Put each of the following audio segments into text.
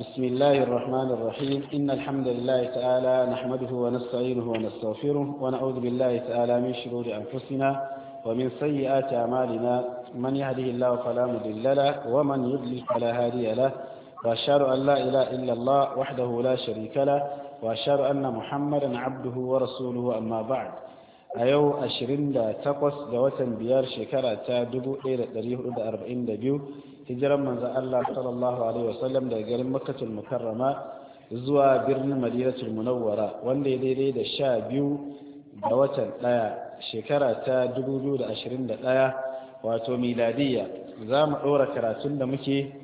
بسم الله الرحمن الرحيم إن الحمد لله تعالى نحمده ونستعينه ونستغفره ونعوذ بالله تعالى من شرور أنفسنا ومن سيئات أعمالنا من يهده الله فلا مضل له ومن يضلل فلا هادي له وأشهد أن لا إله إلا الله وحده لا شريك له وأشهد أن محمدا عبده ورسوله أما بعد a yau 28 ga watan biyar shekara ta 1442 hijiran manzan Allah sallallahu alaihi wasallam daga garin makkatul mukarrama zuwa birnin madinatul munawwara wanda ya daidai da sha biyu da watan ɗaya shekara ta 2021 wato miladiyya za mu ɗora karatun da muke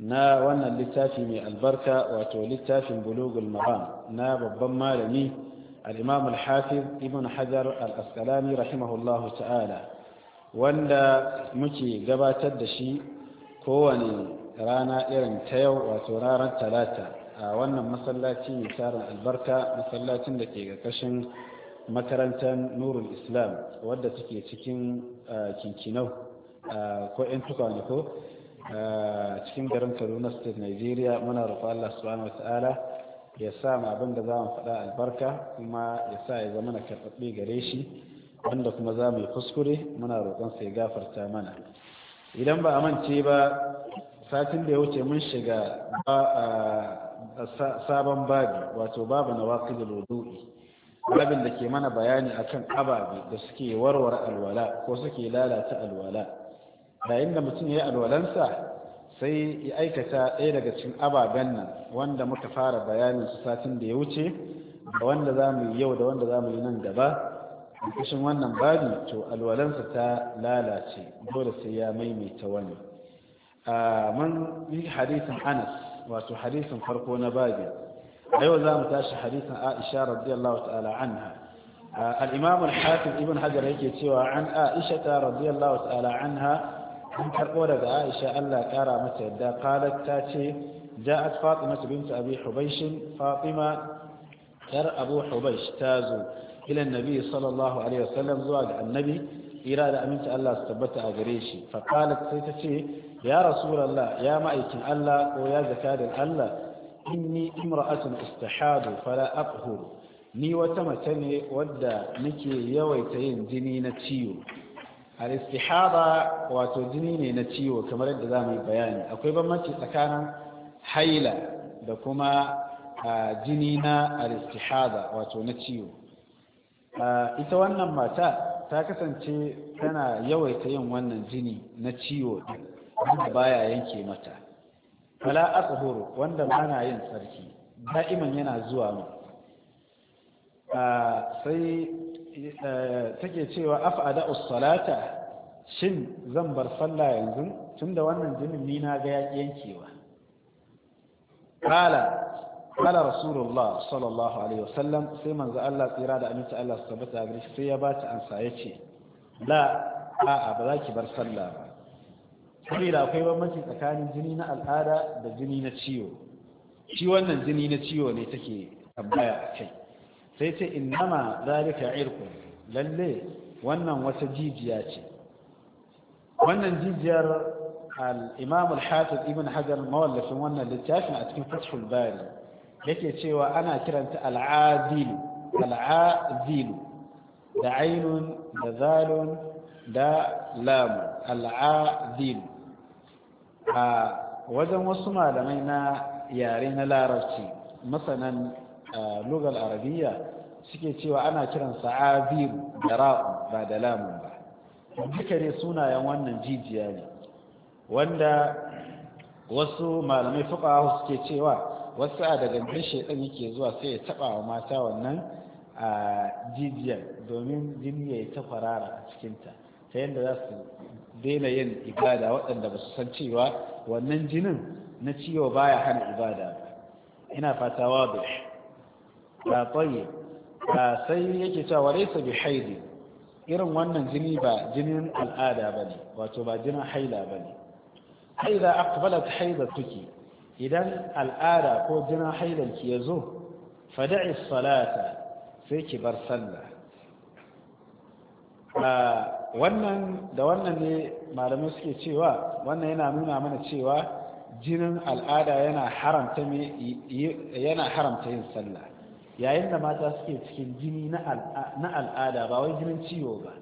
na wannan littafi mai albarka wato littafin bulugul maram na babban malami al-imam al-hafiz ibn hajar al-asqalani rahimahullahu ta'ala wanda muke gabatar da shi kowane rana irin ta yau wato ranar talata a wannan masallaci mai tarin albarka masallacin da ke ƙarƙashin makarantar nurul islam wadda take cikin kinkinau ko 'yan tukwane ko cikin garin kaduna state nigeria muna rufa allah subhanahu ta'ala. ya sa ma abin da za mu faɗa albarka kuma ya sa ya zama na karɓaɓɓe gare shi wanda kuma za mu yi kuskure muna roƙon sai gafarta mana idan ba a mance ba satin da ya wuce mun shiga sabon babi wato babu na waƙi da lodo'i babin da ke mana bayani a kan ababe da suke warware alwala ko suke lalata alwala yayin da mutum ya yi alwalansa sai ya aikata ɗaya daga cikin ababen nan wanda muka fara bayanin su satin da ya wuce da wanda za mu yi yau da wanda za mu yi nan gaba ƙarƙashin wannan babi to alwalansa ta lalace dole sai ya maimaita wani man yi hadisin anas wato hadisin farko na babi a yau za mu tashi hadisin aisha radiyallahu ta'ala anha al-imam al-hakim ibn hajar yake cewa an aisha ta radiyallahu ta'ala anha an karɓo daga aisha Allah ƙara mata yadda qalat ta ce ja'at fatima bint abi hubaysh fatima yar abu ta zo ilan nabi sallallahu alaihi wasallam zuwa ga annabi ira da aminci Allah su tabbata a gare shi fa qalat sai ta ce ya rasulullah ya ma'aikin Allah ko ya zakadin Allah inni imra'atun istihadu fala aqhuru ni wata mace ne wadda nake yawaita yin jini na ciwo al-istihada wato jini ne na ciwo kamar yadda za mu yi bayani akwai bambanci tsakanin haila da kuma jini na al-istihada wato na ciwo ita wannan mata ta kasance tana yawaita yin wannan jini na ciwo wanda baya yanke mata fala aqhuru wanda bana yin sarki da'iman yana zuwa mu sai take cewa af'ada us-salata shin zan bar sallah yanzu tunda wannan jinin ni na ga yankewa kala kala rasulullah sallallahu alaihi wasallam sai manzo Allah tsira da aminci Allah su tabbata a gare sai ya ba ta ansa ya ce la a'a ba za ki bar sallah ba da akwai bambanci tsakanin jini na al'ada da jini na ciwo shi wannan jini na ciwo ne take tambaya a kai sai ce innama zalika irku lalle wannan wata jijiya ce wannan jijiyar al-imam al-hafiz ibn hajar mawallafin wannan littafin a cikin fathul bari yake cewa ana kiranta al'adilu al'adilu da ainun da zalun da lamu al'adilu a wajen wasu malamai na yare na larabci masanan lugal arabiya suke cewa ana kiransa adilu da ra'u ba da Lamu ba duka ne sunayen wannan jijiya ne wanda wasu malamai fuka suke cewa wasu a daga gan shaidan yake zuwa sai ya taba wa mata wannan a jijiyar domin jini ya yi ta farara a cikinta ta yadda za su daina yin ibada waɗanda ba su san cewa wannan jinin na ciwo baya hana ibada ina fata wadu ba tsaye ba sai yake cewa su bi haidi irin wannan jini ba jinin al'ada ba ne wato ba jinin haila ba ne haida akbalat haida tuki idan al'ada ko jina hailanki ya zo fada'i salata sai ki bar sallah wannan da wannan ne malamai suke cewa wannan yana nuna mana cewa jinin al'ada yana haramta yin sallah yayin da mata suke cikin jini na al'ada ba wai jinin ciwo ba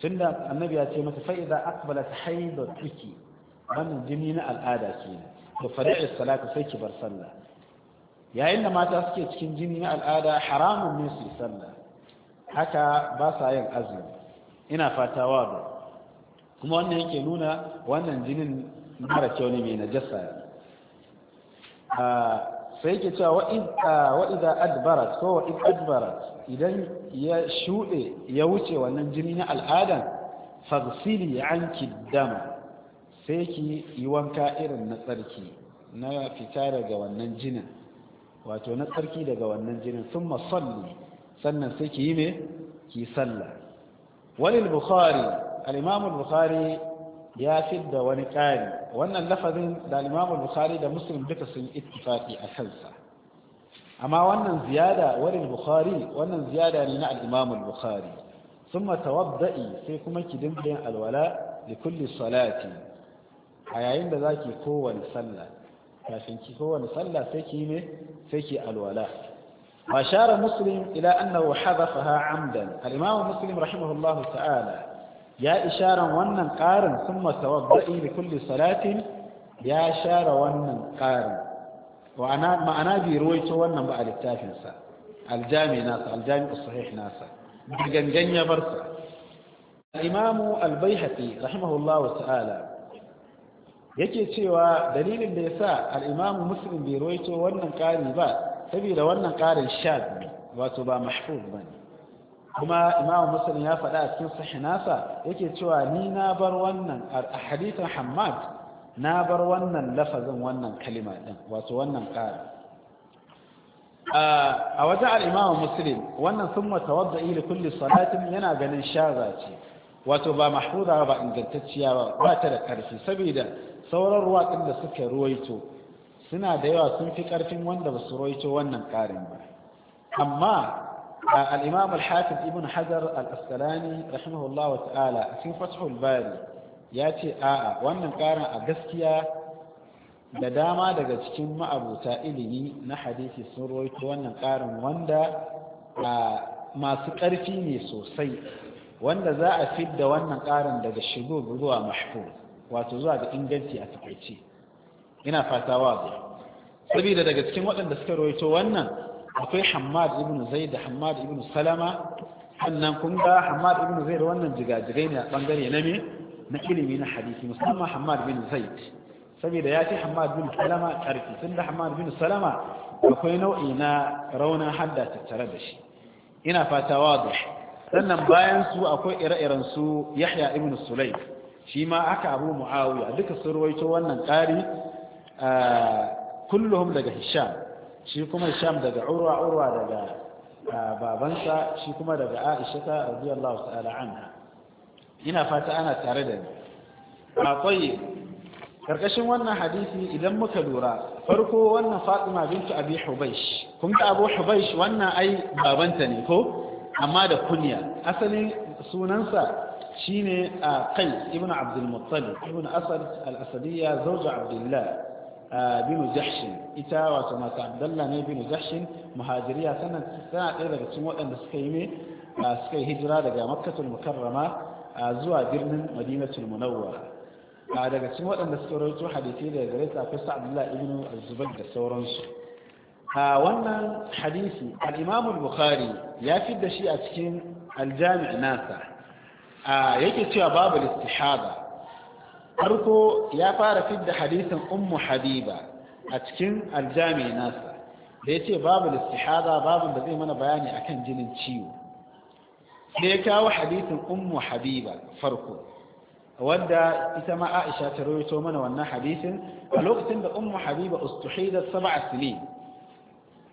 tunda annabi ya ce mata fa'iza aqbalat haidatuki wannan jini na al'ada kenan to fadi'is salata sai ki bar sallah yayin da mata suke cikin jini na al'ada haramun ne su sallah haka ba sa yin azumi ina fata wado kuma wannan yake nuna wannan jinin mara kyau ne mai najasa sai yake cewa wa'iza adbarat ko wa'id adbarat idan ya shuɗe ya wuce wannan jini na al'adan fagsili an dama sai ki yi wanka irin na tsarki na fita daga wannan jinin wato na tsarki daga wannan jinin sun masalli sannan sai ki yi mai ki sallah walil bukhari al'imamul bukhari ya fi da wani ƙari wannan lafazin da al'imamul bukhari da muslim duka sun ittifaki a kansa amma wannan ziyada walil bukhari wannan ziyada ne na al'imamul bukhari sun matawabda'i sai kuma ki dinga alwala alwala kulle salati a yayin da zaki kowane sallah kafin ki kowane sallah sai ki ne sai ki alwala wa shara muslim ila annahu hadafaha amdan al-imam muslim rahimahullahu ta'ala ya isharan wannan qarin thumma tawadda'i li kulli salatin ya share wannan qarin wa ana ma'ana bi ruwaito wannan ba a littafin sa al-jami na al-jami as-sahih nasa gangan ya barsa al-imam al-baihaqi rahimahullahu ta'ala yake cewa dalilin da ya sa al'imamu musulun bai roito wannan ƙari ba saboda wannan ƙarin shaɗi wato ba mahfuz ba ne kuma imamu musulun ya faɗa a cikin sahinasa yake cewa ni na bar wannan a hadithin hamad na bar wannan lafazin wannan kalima ɗin wato wannan ƙari a wajen al'imamu musulun wannan sun wata wadda ili kulli salatin yana ganin shaza ce wato ba mahfuza ba ingantacciya ba ba ta da ƙarfi saboda sauran ɗin da suka ruwaito suna da yawa sun fi ƙarfin wanda ba su ruwaito wannan ƙarin ba amma al'imam al-hafiz ibn hajar al-asqalani rahimahullah wa ta'ala a cikin fathul bari ya ce a'a wannan ƙarin a gaskiya da dama daga cikin ma'abuta ilimi na hadisi sun ruwaito wannan ƙarin wanda masu ƙarfi ne sosai wanda za a fidda wannan ƙarin daga shigo zuwa mahfuz wato zuwa ga inganci a takaice ina fata wa biya saboda daga cikin waɗanda suka rawaito wannan akwai Hamad ibn zaid da Hamad ibn salama sannan kun ga Hamad ibn zaid wannan jigajigai ne a bangare na me na ilimi na hadisi musamman Hamad Ibn zaid saboda ya ce hammad bin salama karfi tunda Hamad Ibn salama akwai nau'i na raunin hadda tattare da shi ina fata wa sannan bayan su akwai ire-iren su yahya ibn sulaim shi ma aka abu mu'awiya duka sun wannan ƙari kulluhum daga hisham shi kuma hisham daga urwa urwa daga babansa shi kuma daga aisha ta radiyallahu ta'ala anha ina fata ana tare da ni akwai karkashin wannan hadisi idan muka lura farko wannan fatima bintu abi hubaish kun ga abu hubaish wannan ai babanta ne ko amma da kunya asalin sunansa shine qais ibn abdul muttalib ibn asad al-asadiyya zauja abdullah binu jahshin ita wato mata abdalla ne binu jahshin muhajiriya sannan tana ɗaya daga cikin waɗanda suka yi mai suka yi hijira daga makkatul mukarrama zuwa birnin madinatul munawwara daga cikin waɗanda suka rawaito hadisi daga gare ta akwai sa'adullah ibn zubair da sauransu a wannan hadisi al-imam al-bukhari ya da shi a cikin al-jami' nasa yake cewa babu istihaba farko ya fara fidda hadisin ummu habiba a cikin aljami nasa da ya ce babu istihaba babu da zai mana bayani akan jinin ciwo da ya kawo hadisin ummu habiba farko wadda ita ma aisha ta rawaito mana wannan hadisin a lokacin da ummu habiba ustuhidat sab'a sinin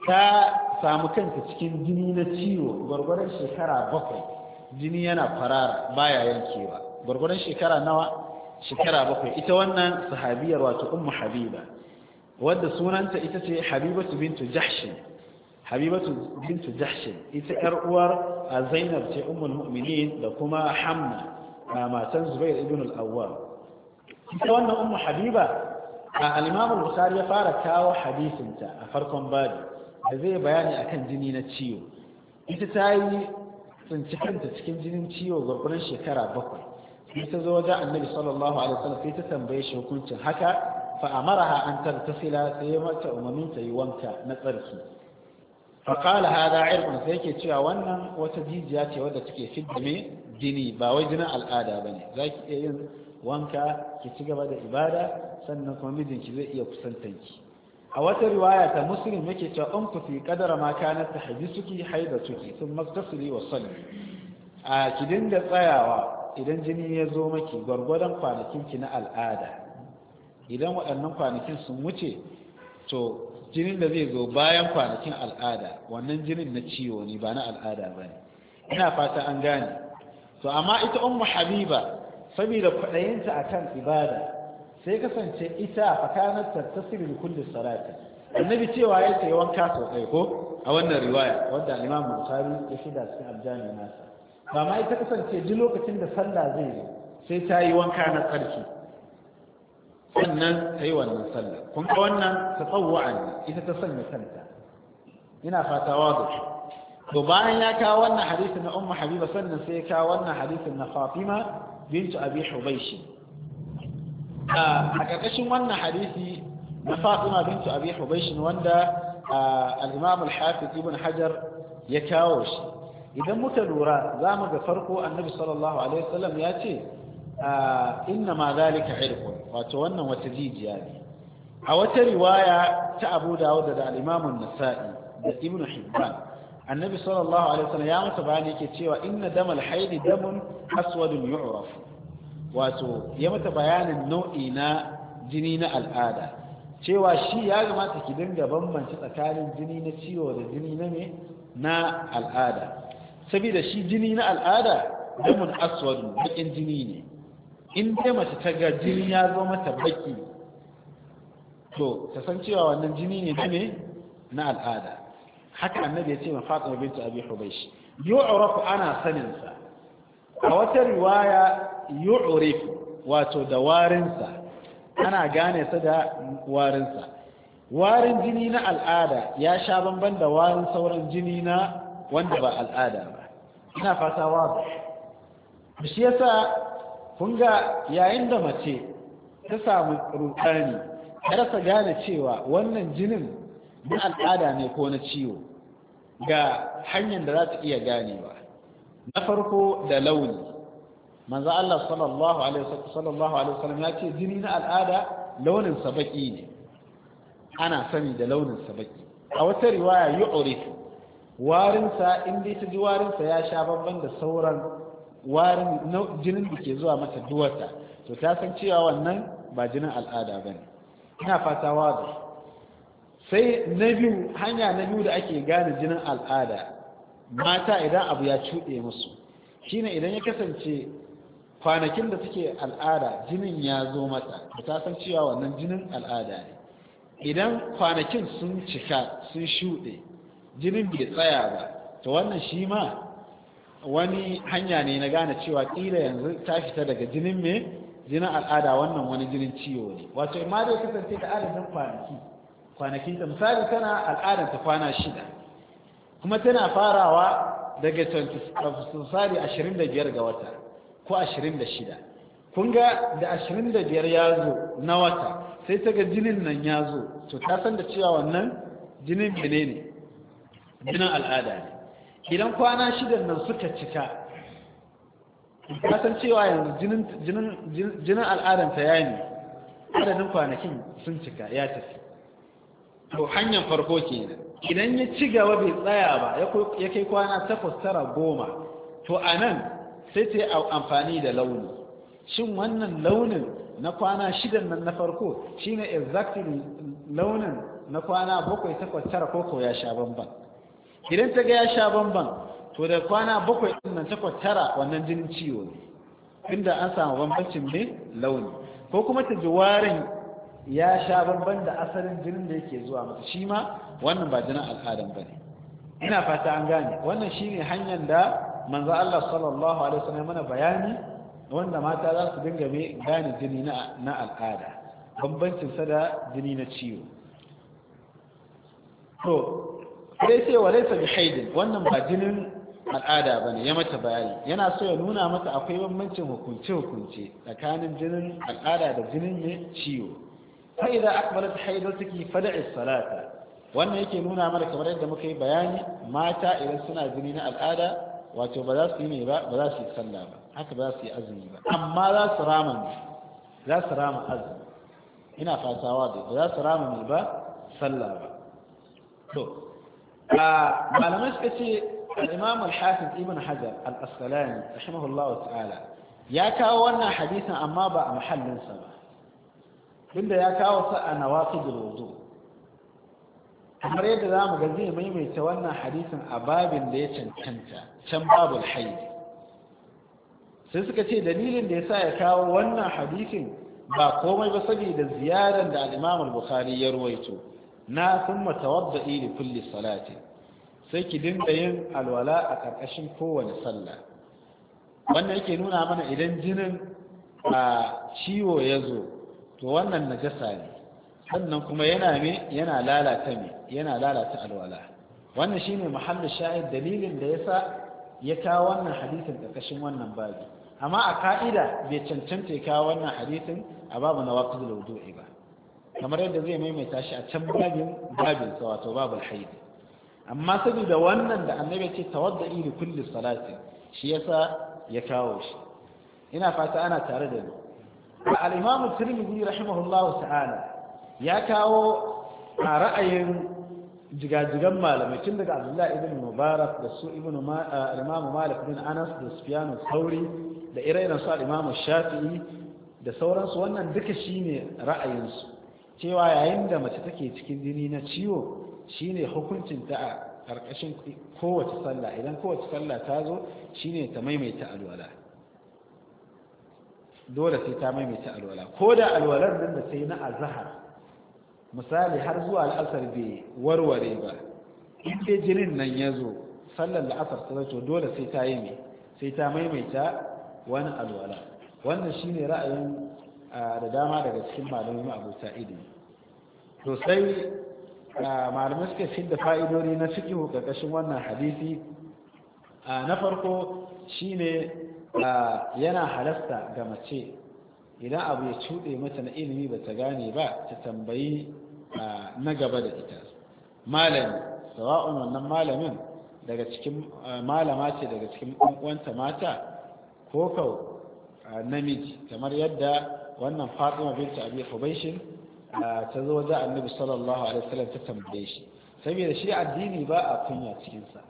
ta samu kanta cikin jini na ciwo gwargwaron shekara bakwai jini yana farara baya yankewa gwargwadon shekara nawa shekara bakwai ita wannan sahabiyar wato ummu habiba wadda sunanta ita ce habibatu bintu jahshin habibatu bintu jahshin ita yar uwar zainab ce ummul mu'minin da kuma hamna matan zubair ibn al-awwal ita wannan ummu habiba al-imam al-bukhari ya fara kawo hadisinta a farkon babu da zai bayani akan jini na ciwo ita ta yi tsinci kanta cikin jinin ciwo gwargwaron shekara bakwai sai ta zo wajen annabi sallallahu alaihi wasallam sai ta tambaye shi hukuncin haka fa amaraha an tartasila sai ya mata umarnin ta yi wanka na tsarki fa qala hada irqun sai yake cewa wannan wata jijiya ce wadda take fidda me jini ba wai jinin al'ada bane zaki iya yin wanka ki ci gaba da ibada sannan kuma mijinki zai iya kusantanki a wata riwaya ta muslim yake cewa in ku fi kadara ma kanat ta suki haida suki sun mastasiri wa salli a ki dinga tsayawa idan jini ya zo maki gwargwadon kwanakin ki na al'ada idan waɗannan kwanakin sun wuce to jinin da zai zo bayan kwanakin al'ada wannan jinin na ciwo ne ba na al'ada ba ne ina fata an gane to amma ita ummu habiba saboda kwaɗayinta akan ibada sai kasance ita a fakanarta ta li kulli sarata. annabi cewa ya ce wanka sau ɗaya ko a wannan riwaya wanda al-imam bukhari ya shida cikin abjani nasa ba ma ita kasance duk lokacin da sallah zai yi sai ta yi wanka na tsarki sannan ta yi wannan sallah kun ga wannan ta tsawwa'an ita ta sanya kanta ina fatawa da shi to bayan ya kawo wannan hadisin na Umma habiba sannan sai ya kawo wannan hadisin na fatima bintu abi hubayshi a ƙarƙashin wannan hadisi na Fatima bintu Abi Hubayshin wanda al-Imam al-Hafiz Ibn Hajar ya kawo shi idan muka lura za mu ga farko Annabi sallallahu alaihi wasallam ya ce inna ma zalika irqun wato wannan wata jijiya ne a wata riwaya ta Abu Dawud da al-Imam an-Nasa'i da Ibn Hibban Annabi sallallahu alaihi wasallam ya mata yake cewa inna damal haidi damun aswadun yu'raf wato ya mata bayanin nau'i na jini na al'ada cewa shi ya gamata ki dinga bambanci tsakanin jini na ciwo da jini na me na al'ada saboda shi jini na al'ada damun aswad bakin jini ne in dai mace ta ga jini ya zo mata baki to ta san cewa wannan jini ne na me na al'ada haka annabi ya ce ma fatima bintu abi hubaysh yu'rafu ana sanin sa a wata riwaya yu'rif wato da warinsa ana gane sa da warinsa warin jini na al'ada ya sha bamban da warin sauran jini na wanda ba al'ada ba ina fata wazo shi yasa kun ga yayin da mace ta samu rukani ya rasa gane cewa wannan jinin na al'ada ne ko na ciwo ga hanyar da za ta iya ganewa na farko da launi manzo Allah sallallahu alaihi wasallam ya ce jini na al'ada launin sabaki ne ana sani da launin sabaki a wata riwaya yu'rifu warin sa in dai ta ji warin sa ya sha babban da sauran warin jinin da ke zuwa mata duwata to ta san cewa wannan ba jinin al'ada bane ina fata wazo sai na hanya na biyu da ake gane jinin al'ada mata idan abu ya cuɗe musu shine idan ya kasance kwanakin da suke al'ada jinin ya zo mata ta san cewa wannan jinin al'ada ne idan kwanakin sun cika sun shuɗe jinin bai tsaya ba to wannan shi ma wani hanya ne na gane cewa ƙila yanzu ta fita daga jinin mai jinin al'ada wannan wani jinin ciwo ne wato ma dai kasance da adadin kwanaki kwanakin ta misali tana al'adar ta kwana shida kuma tana farawa daga tsari 25 ga wata ko 26 kun ga da 25 ya zo na wata sai ta ga jinin nan ya zo to ta san da cewa wannan jinin bene ne jinin al'ada ne idan kwana shidan nan suka cika ta san cewa yanzu jinin ta ya ne adadin kwanakin sun cika ya tafi to hanyar farko ke nan. idan ya ci gaba bai tsaya ba ya kai kwana takwas tara goma to a nan sai ta yi amfani da launi shin wannan launin na kwana shidan nan na farko shine exactly launin na kwana bakwai takwas tara ko ya sha banban idan ta ga ya sha banban to da kwana bakwai ɗin nan takwas tara wannan jinin ciwo ne inda an samu bambancin ne launi ko kuma ta ji warin ya sha bamban da asalin jinin da yake zuwa masa shi ma wannan ba jinin al'adan ba ne ina fata an gane wannan shi ne hanyar da manzo Allah sallallahu alaihi wasallam mana bayani wanda mata za su dinga me gane jini na al'ada bambancin sa da jini na ciwo to sai sai wa laysa bi haidin wannan ba jinin al'ada bane ya mata bayani yana so ya nuna mata akwai bambancin hukunce hukunce tsakanin jinin al'ada da jinin ne ciwo فإذا أكبرت حيضتك فدع الصلاة وأن يكي نونا ملك مريد مكي بياني ماتا إلى السنة زنين الآلة واتو بداسي نيبا بداسي سلابا حتى بداسي أزنيبا أما لا سراما لا سراما أزن هنا فاتواضي لا سراما نيبا سلابا آه، ما لمسكتي الإمام الحافظ ابن حجر الأسلام رحمه الله تعالى يا كاونا حديثا أما بأ محل سبا tunda ya kawo sa a da wudu kamar yadda za mu ga zai maimaita wannan hadisin a babin da ya cancanta can babul haid sai suka ce dalilin da ya sa ya kawo wannan hadisin ba komai ba saboda ziyarar da al bukhari ya ruwaito na sun matawadda li kulli salati sai ki dinga yin alwala a ƙarƙashin kowane sallah wannan yake nuna mana idan jinin a ciwo ya zo to wannan najasa ne sannan kuma yana yana lalata yana lalata alwala wannan shine muhallin shahid dalilin da yasa ya kawo wannan hadisin karkashin wannan babi amma a ka'ida bai cancanta ya kawo wannan hadisin a babu na waqtul wudu'i ba kamar yadda zai maimaita shi a can babin babin sa wato babul haid amma saboda wannan da annabi ce tawadda'i li kulli salati shi yasa ya kawo shi ina fata ana tare da ni al-imam tirmidhi rahimahullahu ta'ala ya kawo a ra'ayin jigajigan malamai tun daga abdullahi ibn mubarak da su ibn imamu malik bin anas da sufyan sauri da irairan su al shafi'i da sauransu wannan duka shine ra'ayinsu cewa yayin da mace take cikin jini na ciwo shine hukuncin ta a ƙarƙashin kowace sallah idan kowace sallah ta zo shine ta maimaita alwala dole sai ta maimaita alwala ko da alwalar nan da sai na azhar misali har zuwa al'asar bai warware ba in dai jinin nan ya zo sallar la'asar ta zato dole sai ta yi mai sai ta maimaita wani alwala wannan shine ra'ayin da dama daga cikin malamai abota ilimi to sai malamai suka fi da fa'idori na cikin ƙarƙashin wannan hadisi na farko shine yana halasta ga mace idan abu ya cuɗe mata na ilimi ba ta gane ba ta tambayi na gaba da ita malami sawa'un wannan malamin daga cikin malama ce daga cikin uwanta mata ko kau namiji kamar yadda wannan fatima binta abi shi ta zo wajen annabi sallallahu alaihi wasallam ta tambaye shi saboda shi addini ba a kunya cikinsa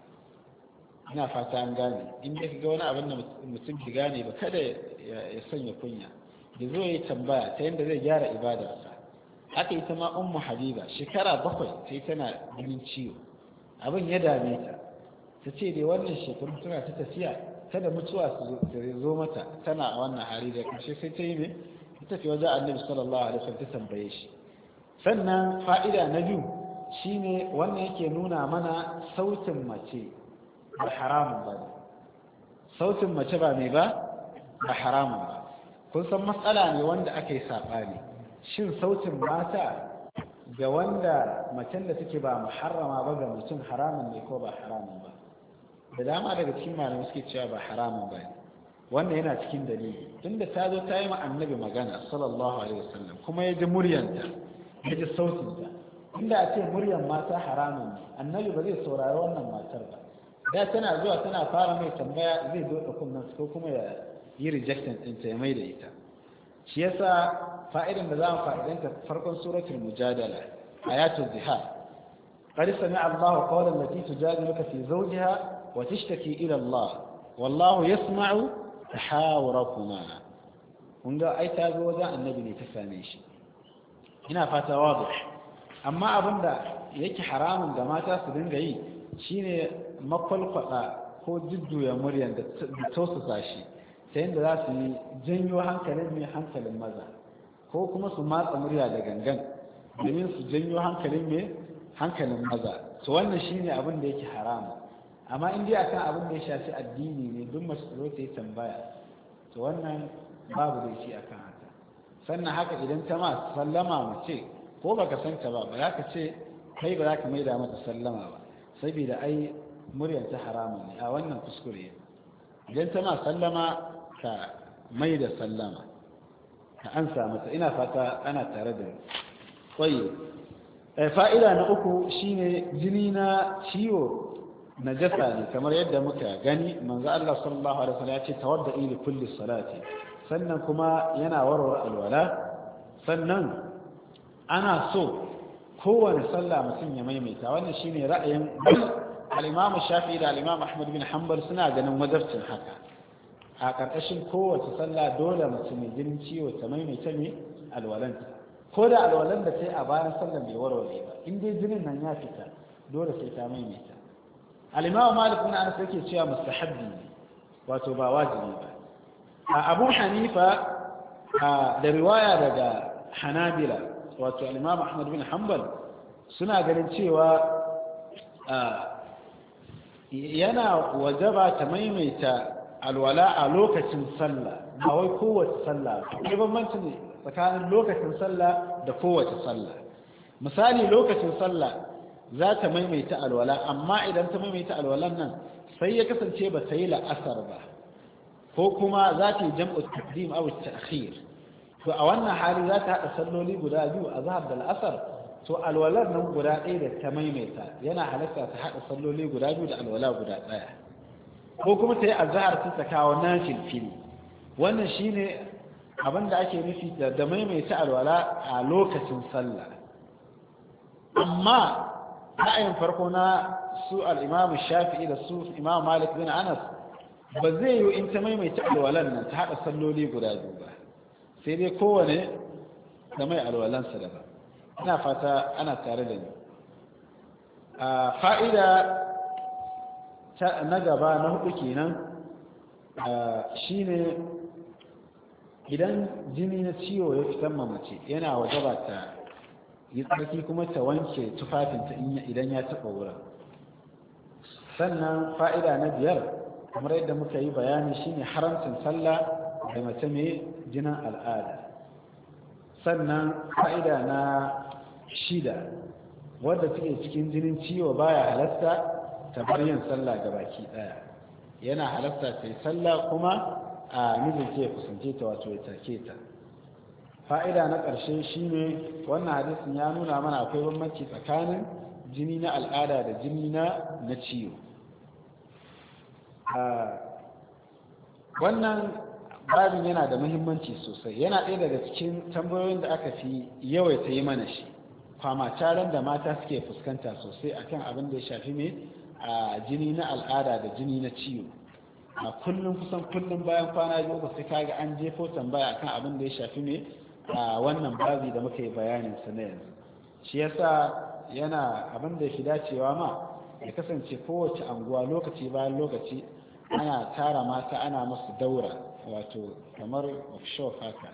ina fata an gane in da ga wani abin da mutum ki gane ba kada ya sanya kunya da zo yi tambaya ta yadda zai gyara ibadarsa haka ita ma ummu habiba shekara bakwai sai tana ganin ciwo abin ya dame ta ta ce dai wannan shekaru tana ta tafiya kada mutuwa su zo mata tana a wannan hali da kashe sai ta yi ne ta tafi wajen annabi sallallahu alaihi wasallam ta tambaye shi sannan fa'ida na biyu shine wannan yake nuna mana sautin mace ba haramun ba ne sautin mace ba mai ba ba haramun ba kun san matsala ne wanda aka yi saɓani shin sautin mata ga wanda macen da suke ba harama ba ga mutum haramun ne ko ba haramun ba da dama daga cikin malamai suke cewa ba haramun ba ne wannan yana cikin dalili tunda ta zo ta yi ma annabi magana sallallahu alaihi wasallam kuma ya ji muryanta ya ji sautinta inda a ce muryan mata haramun ne annabi ba zai saurari wannan matar ba da tana zuwa tana fara mai tambaya zai zo ɗaukun ko kuma ya yi rejection ɗinta ya mai da ita shi yasa fa'idan da za mu fa'idanta farkon suratul mujadala ayatul zihar qad sami'a Allahu qawla allati tujadiluka fi zawjiha wa tashtaki ila Allah wallahu yasma'u tahawurakuma kun ga ai ta zo wajen annabi ne ta same shi ina fata wazi amma abinda yake haramun da mata su dinga yi shine makwalkwada ko jujjuya murya da tausasa shi ta yadda za su yi janyo hankalin mai hankalin maza ko kuma su matsa murya da gangan domin su janyo hankalin mai hankalin maza to wannan shi ne abin da yake haramu amma in dai akan abin da ya shafi addini ne duk mace zo ta yi tambaya to wannan babu da shi akan haka sannan haka idan ta ma sallama mace ko baka santa ba ba za ka ce kai ba za ka maida mata sallama ba saboda ai muryar ta haramun ne a wannan kuskure idan tana sallama ka mai da sallama ka an ta ina fata ana tare da kwayo eh, fa'ida na uku shine jini na ciwo na jasa ne kamar yadda muka gani manzo Allah sallallahu alaihi wasallam ya ce tawadda ila kulli salati sannan kuma yana warware alwala sannan ana so kowane sallah mutum ya maimaita wannan shine ra'ayin al'imamu shafi da al'imamu ahmad bin hanbal suna ganin wajabcin haka a ƙarƙashin kowace sallah dole mutum mai jinin ciwo ta maimaita mai alwalanta ko da alwalan da ta a bayan sallah bai warware ba in dai jinin nan ya fita dole sai ta maimaita al'imamu malik na anas yake cewa mustahabbi ne wato ba wajibi ba a abu hanifa da riwaya daga hanabila wato al'imamu ahmad bin hanbal suna ganin cewa yana wajaba ta maimaita alwala a lokacin sallah ba wai kowace sallah ne bambanci ne tsakanin lokacin sallah da kowace sallah misali lokacin sallah za ta maimaita alwala amma idan ta maimaita alwalan nan sai ya kasance ba ta yi la'asar ba ko kuma za ta yi jam'u taqdim aw ta'khir to a wannan hali za ta haɗa salloli guda biyu a zahar da la'asar? to alwalar nan guda ɗaya da ta maimaita yana halatta ta haɗa salloli guda biyu da alwala guda ɗaya ko kuma ta yi azahar ta ta kawo filfili wannan shine abin da ake nufi da maimaita alwala a lokacin sallah amma ra'ayin farko na su al'imam shafi'i da su imam malik bin anas ba zai yi in ta maimaita alwalan nan ta haɗa salloli guda biyu ba sai dai kowane da mai alwalansa daban ina fata ana tare da ni a fa'ida na gaba na hudu kenan shine idan jini na ciwo ya fitan mamace yana ba ta yi tsarki kuma ta wanke tufafinta idan ya taɓa wurin sannan fa'ida na biyar kamar yadda muka yi bayani shine haramcin sallah da mace mai jinin al'ada sannan fa'ida na shida wadda suke cikin jinin ciwo baya halatta ta bar yin sallah ga baki daya yana halatta ta yi sallah kuma a mijin ke kusance ta wato ya take ta fa'ida na ƙarshe shine wannan hadisin ya nuna mana akwai bambanci tsakanin jini na al'ada da jini na na ciwo wannan babin yana da muhimmanci sosai yana ɗaya daga cikin tambayoyin da aka fi yawai ta yi mana shi fama taron da mata suke fuskanta sosai akan abin da ya shafi mai a jini na al'ada da jini na ciwo a kullum kusan kullum bayan kwana biyu ba sai kaga an jefo tambaya akan abin da ya shafi mai a wannan babi da muka yi bayanin sa na yanzu shi yasa yana abin da ya fi dacewa ma ya kasance kowace anguwa lokaci bayan lokaci ana tara mata ana masu daura wato kamar offshore haka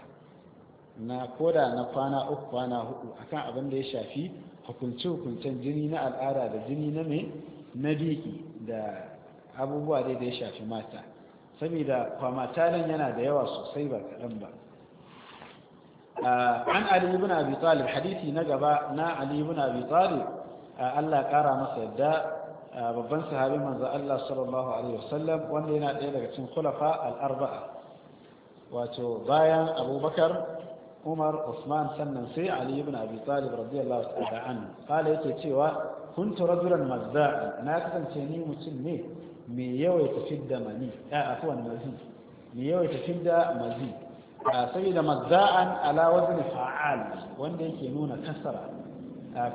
na koda na kwana uku kwana hudu akan abin da ya shafi hukunce-hukuncen jini na al'ada da jini na mai na diki da abubuwa dai da ya shafi mata saboda kwamatalan yana da yawa sosai ba kaɗan ba an ali ibn abi talib hadisi na gaba na ali ibn abi talib Allah kara masa yadda babban sahabi manzo Allah sallallahu alaihi wasallam wanda yana ɗaya daga cikin khulafa al-arba'a wato bayan abubakar umar usman sannan sai ali ibn abi talib radiyallahu ta'ala anhu kala yake cewa kuntu rajulan mazza'i na kasance ni mutum ne me yawaita fidda mani a afwan mazi me yawaita fidda mazi ala wazni fa'al wanda yake nuna kasara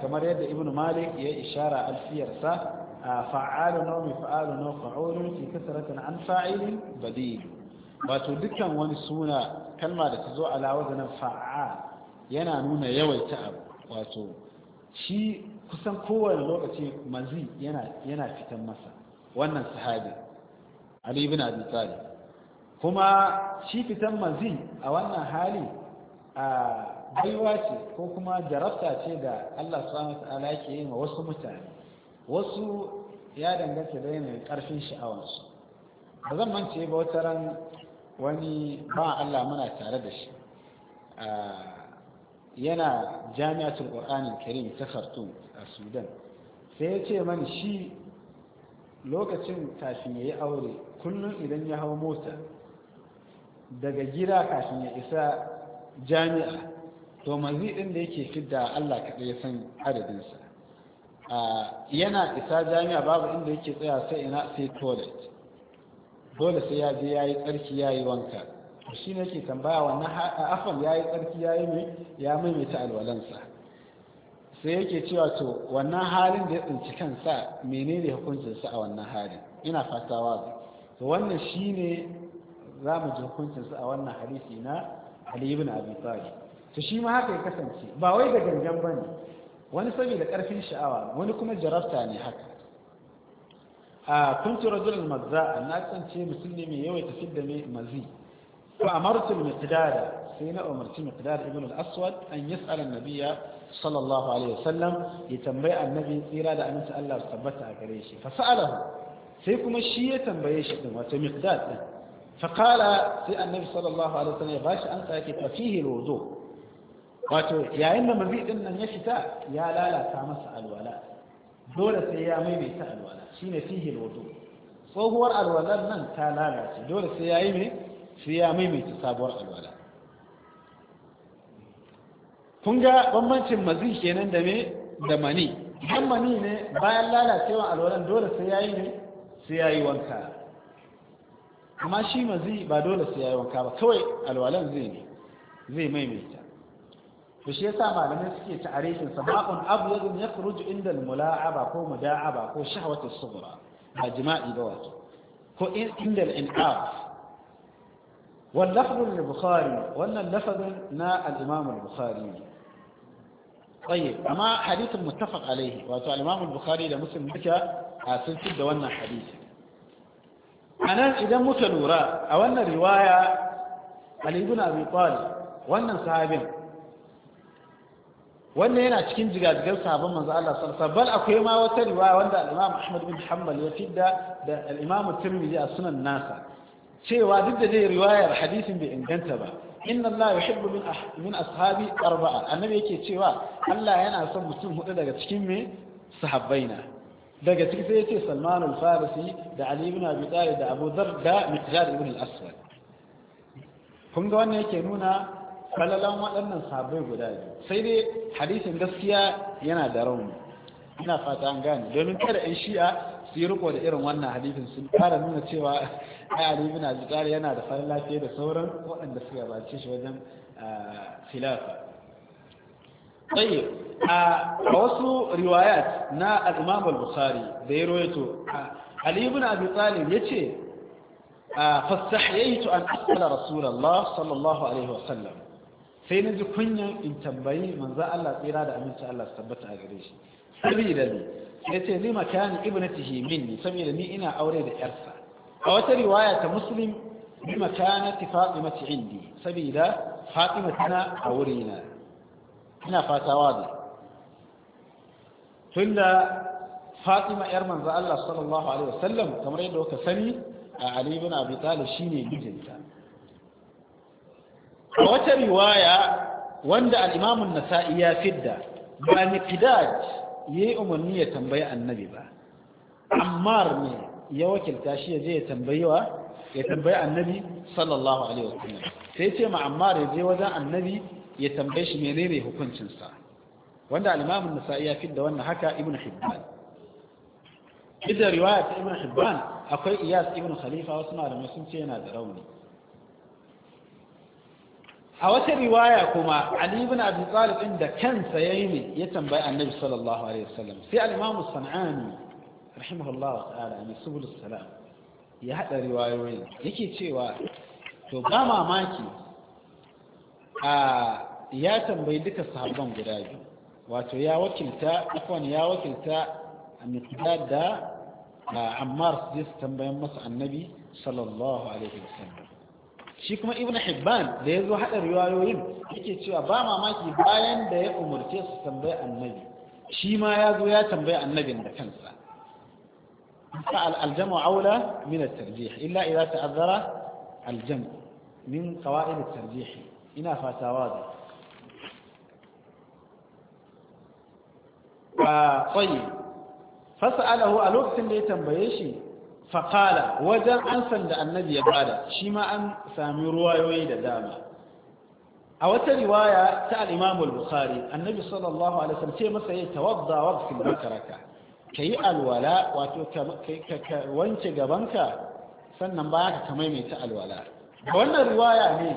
kamar yadda ibn malik ya ishara alfiyarsa fa'alu naw fa'alu naw fa'ulun fi kasratin an fa'ilin badil wato dukkan wani suna kalma da ta zo ala nan fa'a yana nuna yawaita abu wato shi kusan kowane lokaci mazi yana fitan masa wannan sahabi alibin ibn kuma shi fitan mazi a wannan hali a baiwa ce ko kuma jarabta ce da Allah subhanahu Ta'ala ke yi ma wasu mutane wasu ya danganta da yanayin karfin sha'awarsu ba zan mance ba wata ran wani ba Allah muna tare da shi yana jami'atul qur'anin karim ta khartoum a sudan sai ya ce mani shi lokacin kafin ya yi aure kullum idan ya hau mota daga gida kafin ya isa jami'a to mazi din da yake fidda Allah kaɗai ya san adadinsa yana isa jami'a babu inda yake tsaya sai ina sai toilet dole sai ya je ya yi tsarki ya yi wanka shi ne ke tambaya wannan ya yayi tsarki yi mai ya maimaita alwalansa sai yake cewa to wannan halin da ya tsinci kansa menene ne sa a wannan halin ina fatawa ba to wannan shi ne za mu ji hukuncinsa a wannan hadisi na Ali ibn to shi ma haka ya kasance ba wai da gangan ne. wani saboda karfin sha'awa wani kuma jarabta ne haka a kuntu rajulun mazza na kasance mutum ne mai yawaita fidda mai mazi Ko a amartu miqdada sai na umarci miqdad ibn al-aswad an yas'al an-nabiyya sallallahu alaihi wasallam ya tambaye annabi tsira da aminci Allah su tabbata a gare shi fa sa'alahu sai kuma shi ya tambaye shi din wato miqdad din fa qala sai annabi sallallahu alaihi wasallam ya bashi an sake fa fihi wudu wato yayin da mazi din nan ya fita ya lalata masa alwala dole sai ya maimaita alwala ne fihi wato tsohuwar alwalar nan ta lalace dole sai ya yi mai shi ya maimaita sabuwar alwala kun ga bambancin mazi kenan da mai da mani don mani ne bayan lalacewa alwalar dole sai ya yi mai sai ya yi wanka amma shi mazi ba dole sai ya yi wanka ba kawai alwalar zai ne zai maimaita to shi yasa malamai suke ta'arifin sa ma'un abyadun yakhruju inda al-mula'aba ko muda'aba ko shahwatu sughra ba jima'i ba wato ko inda al-in'af واللفظ للبخاري وان اللفظ نا الامام البخاري طيب اما حديث متفق عليه واتو الامام Bukhari da مسلم duka a sun fi da wannan hadisi anan idan muka lura a wannan riwaya Ali ibn Abi Talib wannan sahabin wannan yana cikin jigajigar sabon manzo Allah sallallahu bal akwai ma wata riwaya wanda al-Imam Ahmad bin Hanbal ya fidda da al-Imam Tirmidhi a sunan nasa cewa duk da dai riwayar hadisin bai inganta ba inna Allah yuhibbu min ah, min ashabi arba'a annabi yake cewa Allah yana son mutum hudu daga cikin me sahabbaina daga ciki sai yace Salman al-Farisi da Ali ibn Abi Talib da Abu da Miqdad ibn al-Aswad kun ga wannan yake nuna falalan waɗannan sabai guda biyu sai dai hadisin gaskiya yana da rauni ina fata an gane domin kada yan shi'a su yi riko da irin wannan hadisin sun fara nuna cewa ai ali bin abi talib yana da falala fiye da sauran waɗanda suka gabace shi wajen ah, khilafa طيب a wasu riwayat na al-imam al-bukhari da ya rawaito ali ibn abi talib yace فاستحييت أن أسأل رسول الله صلى الله عليه وسلم sai na ji kunyan in tambayi manzo Allah tsira da aminci Allah su tabbata a gare shi sabida ni sai ce lima kana ibnatihi minni sabida ni ina aure da yarsa a wata riwaya ta muslim lima kana fatimati indi sabida fatima tana a wurina ina fata wazi tunda fatima yar manzo Allah sallallahu alaihi wasallam kamar yadda kuka sani a Ali ibn Abi Talib shine mijinta a wata riwaya wanda al'imamun nasa'i ya fidda ba ni mikidaj ya yi umarni ya tambayi annabi ba ammar ne ya wakilta shi ya je ya tambayi ya tambayi annabi sallallahu alaihi wasallam sai ce ma ammar ya je wajen annabi ya tambaye shi menene hukuncinsa wanda al'imamun nasa'i ya fidda wannan haka ibn hibban duk riwaya ta ibn hibban akwai iyas ibn khalifa wasu malamai sun ce yana da rauni a wata riwaya kuma ali ibn abi talib din da kansa yayi ne ya tambayi annabi sallallahu alaihi wasallam sai al-imam sanani rahimahullahu ta'ala ne subul salam ya hada riwayoyin yake cewa to ba mamaki a ya tambayi duka sahabban guda biyu wato ya wakilta afwan ya wakilta a miqdad da ammar su tambayan masa annabi sallallahu alaihi wasallam shi kuma ibn hibban da ya zo haɗa riwayoyin yake cewa ba mamaki bayan da ya umarce su tambaya annabi shi ma ya zo ya tambaya annabin da kansa aljamu aula min at-tarjih illa idza ta'azzara aljamu min qawaid at-tarjih ina fata wadi fa tayyib fasalahu a lokacin da ya tambaye shi faƙala wajen an sanda annabi ya bada shi ma an sami ruwayoyi da dama a wata riwaya ta al'imamul bukhari annabi sallallahu alaihi ce masa yi tawadda wa fi makaraka ka yi alwala wato ka wance gabanka sannan baya ka kamai mai ta alwala wannan riwaya ne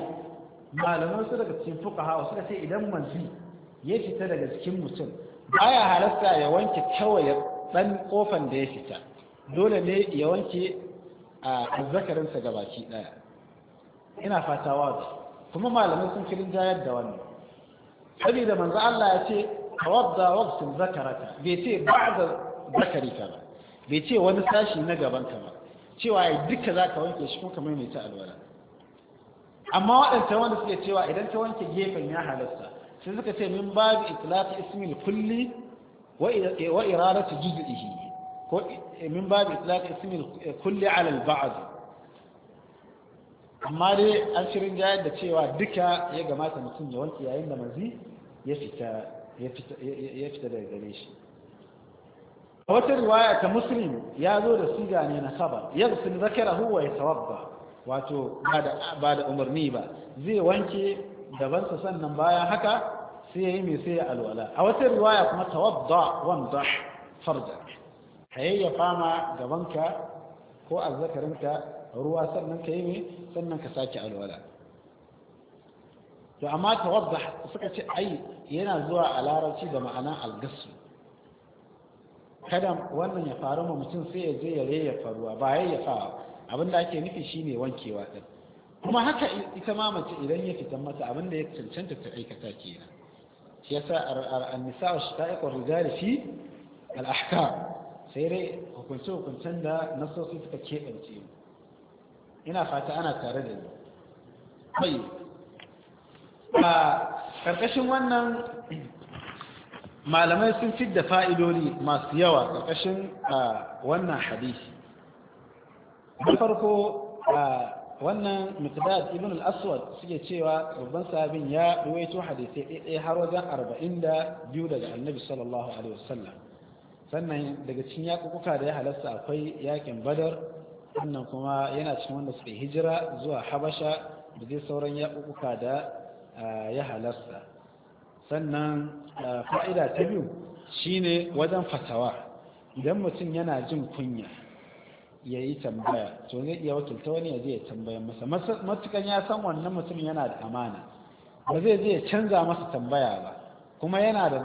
malamar su daga cikin hawa, suka ce idan manzi ya fita daga cikin mutum baya halarta ya wanke kawai ɗan ƙofan da ya fita dole ne ya wanke a azzakarinsa gabaki daya ina fata wazi kuma malamai sun kirin jayar da wannan saboda manzo Allah ya ce tawadda waqtin zakaraka bai ce ba'da zakarika ba bai ce wani sashi na gaban ka ba cewa ya duka zaka wanke shi kuma kamar mai ta alwala amma waɗanta wanda suke cewa idan ta wanke gefen ya halasta sai suka ce min babu itlaq ismil kulli wa iradatu juz'ihi ko min babu itlaq ismi kulli kulle al-ba'd amma dai an shirin jayar da cewa duka ya gamata mutum ya wanke yayin da mazi ya fita daga gare shi a wata riwaya ta muslim ya zo da siga ne na saba ya sun zakara huwa ya tawabba wato ba da umarni ba zai wanke dabansa sannan bayan haka sai ya yi mai sai ya alwala a wata riwaya kuma tawabba wanda farja ka fama gabanka ko azzakarinka ruwa sannan ka yi ne sannan ka sake alwala to amma ta wadda suka ce ai yana zuwa a larabci da ma'ana algasu kada wannan ya faru ma mutum sai ya je ya yayyafa ruwa ba yayyafa abinda ake nufi shine wankewa din kuma haka ita ma mace idan ya fitan mata abinda ya cancanta ta aikata kenan shi yasa an ta aikwa rijali fi al-ahkam sai dai hukunce-hukuncen da nasosi suka keɓance ina fata ana tare da ni mai a ƙarƙashin wannan malamai sun fi da fa'idori masu yawa ƙarƙashin wannan hadisi na farko wannan mitadad ibn al’aswad aswad suke cewa rubban sabin ya ruwaito hadisai ɗaya har wajen arba'in da biyu daga annabi sallallahu alaihi wasallam sannan daga cikin yakukuka da ya halasta akwai yakin badar sannan kuma yana cikin wanda suke hijira zuwa habasha da zai sauran yakukuka da ya halasta sannan fa'ida ta biyu shine wajen fatawa idan mutum yana jin kunya ya yi tambaya to zai iya wakilta wani ya je ya tambaya masa matukan ya san wannan mutum yana da amana ba zai je ya canza masa tambaya ba kuma yana da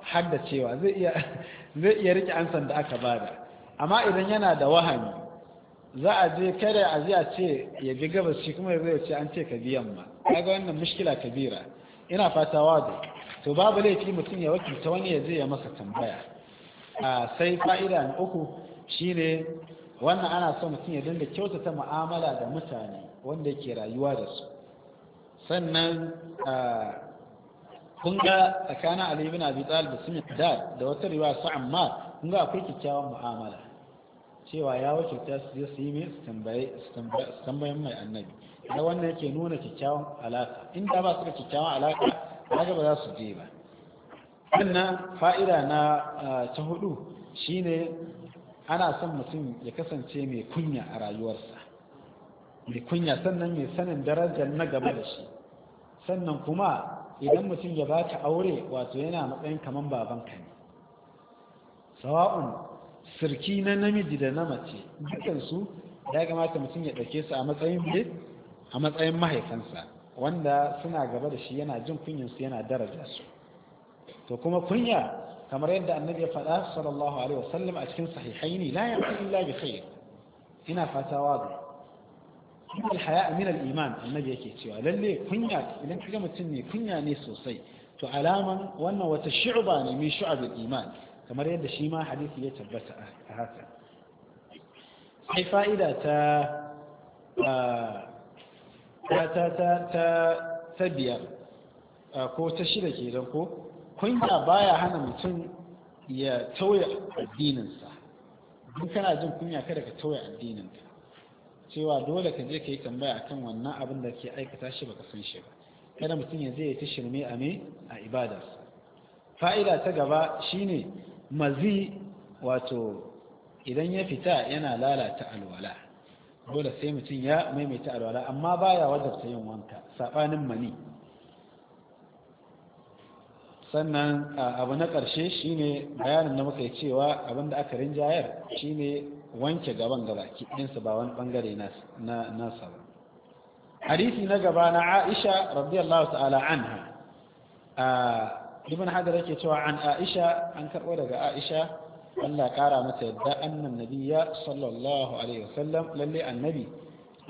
haddacewa zai iya rike ansan da aka bada amma idan yana da wahani za a je kada a zai ce ya bi gabas shi kuma zai ce an ce ka biyan ma kaga wannan mushkila kabira ina fata wado to babu laifi mutum ya ta wani ya je ya masa tambaya a sai fa'ida na uku shine wannan ana so mutum ya dinga kyautata mu'amala da mutane wanda yake rayuwa da su sannan kun ga tsakanin Ali ibn Abi Talib da Sumi da da wata riwa su amma kun ga akwai kyakkyawan mu'amala cewa ya wakilta su je su yi mai su tambayin mai annabi na wannan yake nuna kyakkyawan alaka in da ba su da kyakkyawan alaka ga ba za su je ba wannan fa'ida na ta hudu shine ana son mutum ya kasance mai kunya a rayuwarsa mai kunya sannan mai sanin darajar na gaba da shi sannan kuma idan mutum ya ba ta aure wato yana matsayin kaman babanka ne sawa'un sirki na namiji da na mace dukansu ya kamata mutum ya ɗauke su a matsayin a matsayin mahaifansa wanda suna gaba da shi yana jin kunyansu yana daraja su to kuma kunya kamar yadda annabi ya faɗa sallallahu alaihi wasallam a cikin sahihaini la ya'ti illa bi khair ina fata wadu inna al-haya min al-iman annabi yake cewa lalle kunya idan kaga mutum ne kunya ne sosai to alaman wannan wata shu'ba ne min shu'abul iman kamar yadda shi ma hadisi ya tabbata a haka sai fa'ida ta ta ta ta ta biyar ko ta shida ke don ko kunya baya hana mutum ya tauye addininsa duk kana jin kunya kada ka tauye addininka cewa dole ka je ka yi tambaya kan wannan abin da ke aikata shi baka san shi ba kada mutum ya zai ta shirme a me a ibada fa'ida ta gaba shine mazi wato idan ya fita yana lalata alwala dole sai mutum ya maimaita alwala amma baya wajarta yin wanka saɓanin mani sannan abu na ƙarshe shine bayanin da muka yi cewa abin da aka rinjayar shine wanke gaban gaba kiɗinsa ba wani ɓangare nasa ba hadisi na gaba na aisha radiyallahu ta'ala anha ibn hadar yake cewa an aisha an karɓo daga aisha Allah ƙara mata yadda annan nabiya sallallahu alaihi wasallam lalle annabi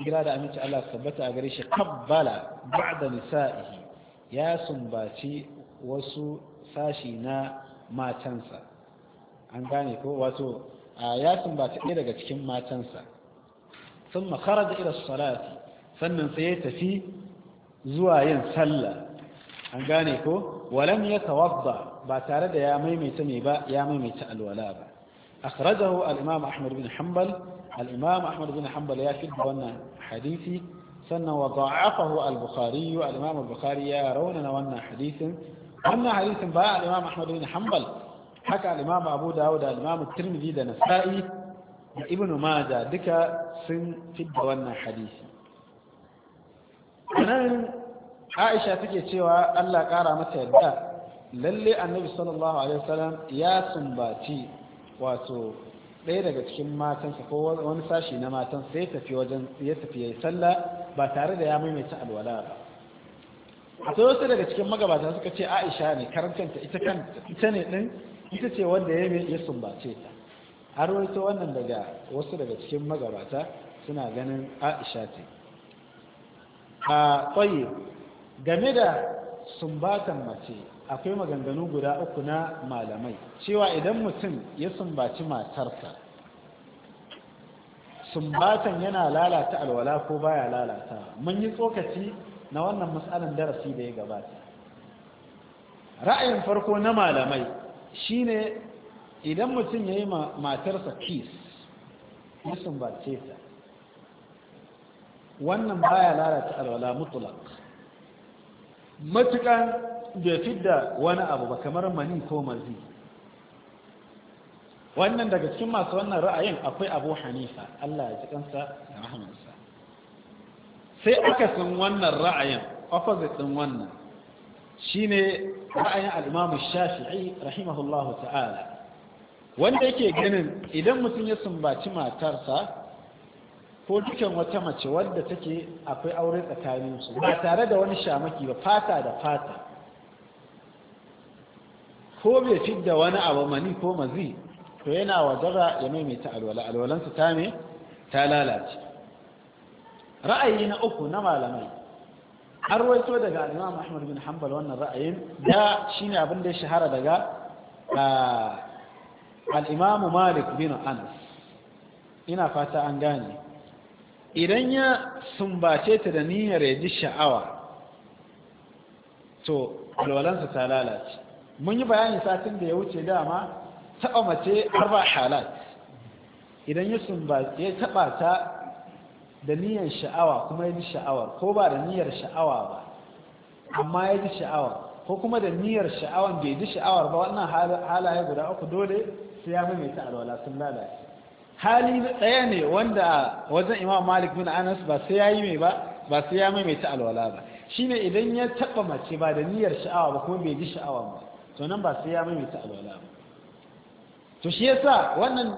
gira da aminci Allah tabbata a gare shi kabbala ba'da nisa'ihi ya sumbaci wasu sashi na matansa an gane ko wato ya sumbaci ɗaya daga cikin matansa sun makara da irin salati sannan sai ya tafi zuwa yin sallah an gane ko walam ya tawabba ba tare da ya maimaita mai ba ya maimaita alwala ba akhrajahu al-imam ahmad bin hanbal al-imam ahmad bin hanbal ya fi wannan hadisi sannan wa da'afahu al-bukhari al-imam al-bukhari ya raunana wannan hadisin wannan hadisin ba al-imam ahmad bin hanbal haka al-imam abu dawud da al-imam tirmidhi da nasa'i da ibn majah duka sun fidda wannan hadisi nan aisha take cewa Allah kara mata yadda lalle annabi sallallahu alaihi wasallam ya sumbaci wato ɗaya daga cikin matansa ko wani sashi na matan sai tafi wajen ya tafi sallah ba tare da ya maimaita alwala ba a sai daga cikin magabata suka ce aisha ne karantanta ita kan ita ne din ita ce wanda ya sumbace ta har ta wannan daga wasu daga cikin magabata suna ganin aisha ce a tsaye game da sumbatan mace akwai maganganu guda uku na malamai cewa idan mutum ya sumbaci matarsa sumbatan yana lalata alwala ko baya lalata mun yi tsokaci na wannan matsalan darasi da ya gabata ra'ayin farko na malamai Shi ne idan mutum ya yi matarsa musun ba ce ta wannan baya lalata alwala mutulak matukan bai fidda wani abu ba kamar mani ko mazi wannan daga cikin masu wannan ra'ayin akwai abu hanifa allah ya ji kansa da rahamansa sai aka san wannan ra'ayin opposite din wannan shine ra'ayin al Shafi'i rahimahullahu ta'ala wanda yake ganin idan mutum ya sumbaci matarsa ko dukan wata mace wadda take akwai aure tsakaninsu ba tare da wani shamaki ba fata da fata ko bai da wani abu mani ko mazi to yana daga ya maimaita alwala alwalansa ta ne ta lalace ra'ayi na uku na malamai an ruwaito daga al'imam ahmad bin hanbal wannan ra'ayin da shine abin da ya shahara daga al ah, al'imam malik bin anas ina fata an gane idan ya sumbace ta da niyyar ya ji sha'awa to alwalansa ta lalace mun yi bayani satin da ya wuce dama taɓa mace har ba halat idan ya taɓa ta da niyyar sha'awa kuma ya ji sha'awar ko ba da niyyar sha'awa ba amma ya ji sha'awar ko kuma da niyyar sha'awar bai ji sha'awar ba wannan halaye guda uku dole sai ya maimaita alwala sun lalace hali ɗaya ne wanda wajen imam malik bin anas ba sai ya yi mai ba ba sai ya maimaita alwala ba shine idan ya taɓa mace ba da niyyar sha'awa ba kuma bai ji sha'awa ba to nan ba sai ya maimaita alwala ba to shi yasa wannan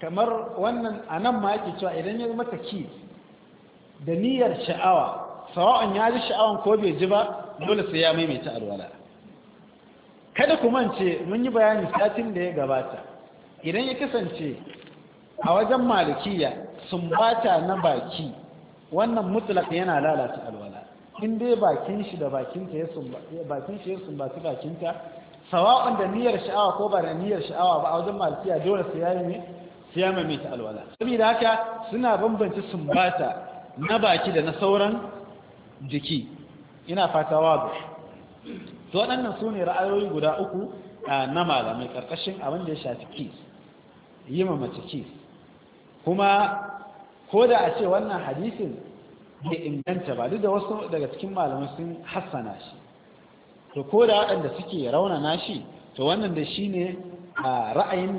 kamar wannan anan ma yake cewa idan ya mata kid da niyyar sha'awa sawa'an ya ji sha'awan ko bai ji ba dole sai ya maimaita alwala kada ku mance mun yi bayani satin da ya gabata idan ya kasance a wajen malikiya sumbata na baki wannan mutlaq yana lalata alwala in dai bakin shi da ta ya sumbata bakin shi ya bakin ta, sawa'an da niyyar sha'awa ko ba da niyyar sha'awa ba a wajen malikiya dole sai ya yi sai ya maimaita alwala saboda haka suna bambance sumbata na baki da na sauran jiki ina fata wazo to waɗannan su ne ra'ayoyi guda uku na malamai ƙarƙashin abin da ya shafi kis yi ma mace kis kuma ko da a ce wannan hadisin bai inganta ba duk da wasu daga cikin malamai sun hassana shi to ko da waɗanda suke raunana shi to wannan da shi ne ra'ayin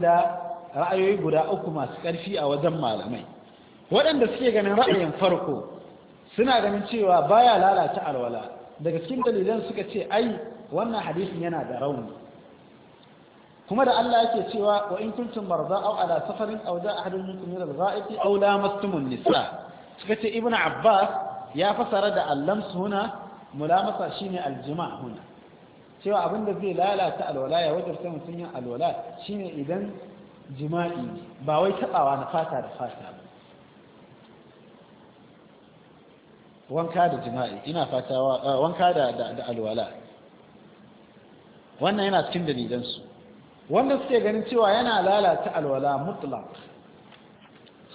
ra'ayoyi guda uku masu ƙarfi a wajen malamai waɗanda suke ganin ra'ayin farko suna ganin cewa baya lalata alwala daga cikin dalilan suka ce ai wannan hadisin yana da rauni kuma da Allah yake cewa wa in kuntum marza aw ala safarin aw da ahadun minkum min al-gha'iti aw lamastumun nisa suka ce ibnu abbas ya fasara da allamsu huna mulamasa shine aljima' huna cewa abin da zai lalata alwala ya wajarta mutum yin alwala shine idan jima'i ba wai tabawa na fata da fata ba wanka da jima'i ina fata wanka da da alwala wannan yana cikin dalilan su wanda suke ganin cewa yana lalata alwala mutlaq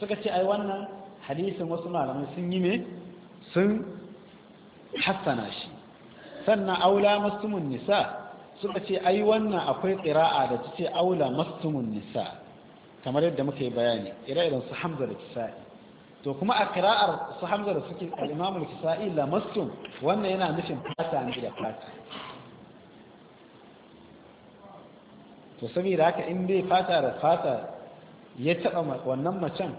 suka ce ai wannan hadisin wasu malamai sun yi ne sun hassana shi sannan aula mastumun nisa suka ce ai wannan akwai ƙira'a da ta ce aula mastumun nisa kamar yadda muka yi bayani ire-iren su hamza da kisa'i to kuma a kira'ar su hamza da suke al'imamul kisa'i lamastum wannan yana nufin fata ne da fata to saboda haka in dai fata da fata ya taɓa wannan macen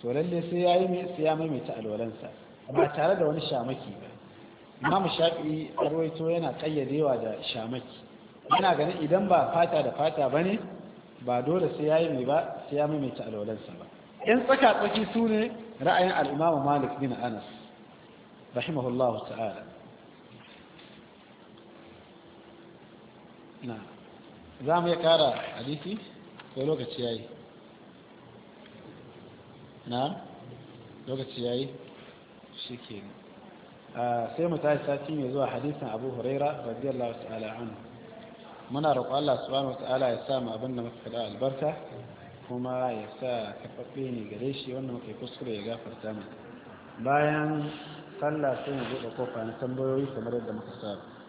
to lalle sai ya yi sai ya maimaita alwalansa ba tare da wani shamaki ba imamu shafi'i arwaito yana ƙayyadewa da shamaki yana ganin idan ba fata da fata ba ne ba dole sai ya yi mai ba sai ya maimaita alwalansa ba yan tsaka tsaki su ne ra'ayin al'imamu malik bin anas rahimahullahu ta'ala na za mu ya kara hadisi ko lokaci yayi na lokaci yayi shi ke sai mu tashi sati mai zuwa hadisin abu huraira radiyallahu ta'ala anhu muna roƙon Allah subhanahu wa ta'ala ya sa mu abin da muka faɗa albarka kuma ya sa kafafe ne gare shi wannan kai kuskure ya gafarta mu bayan sallah sai mu buɗe kofa na tambayoyi kamar yadda muka saba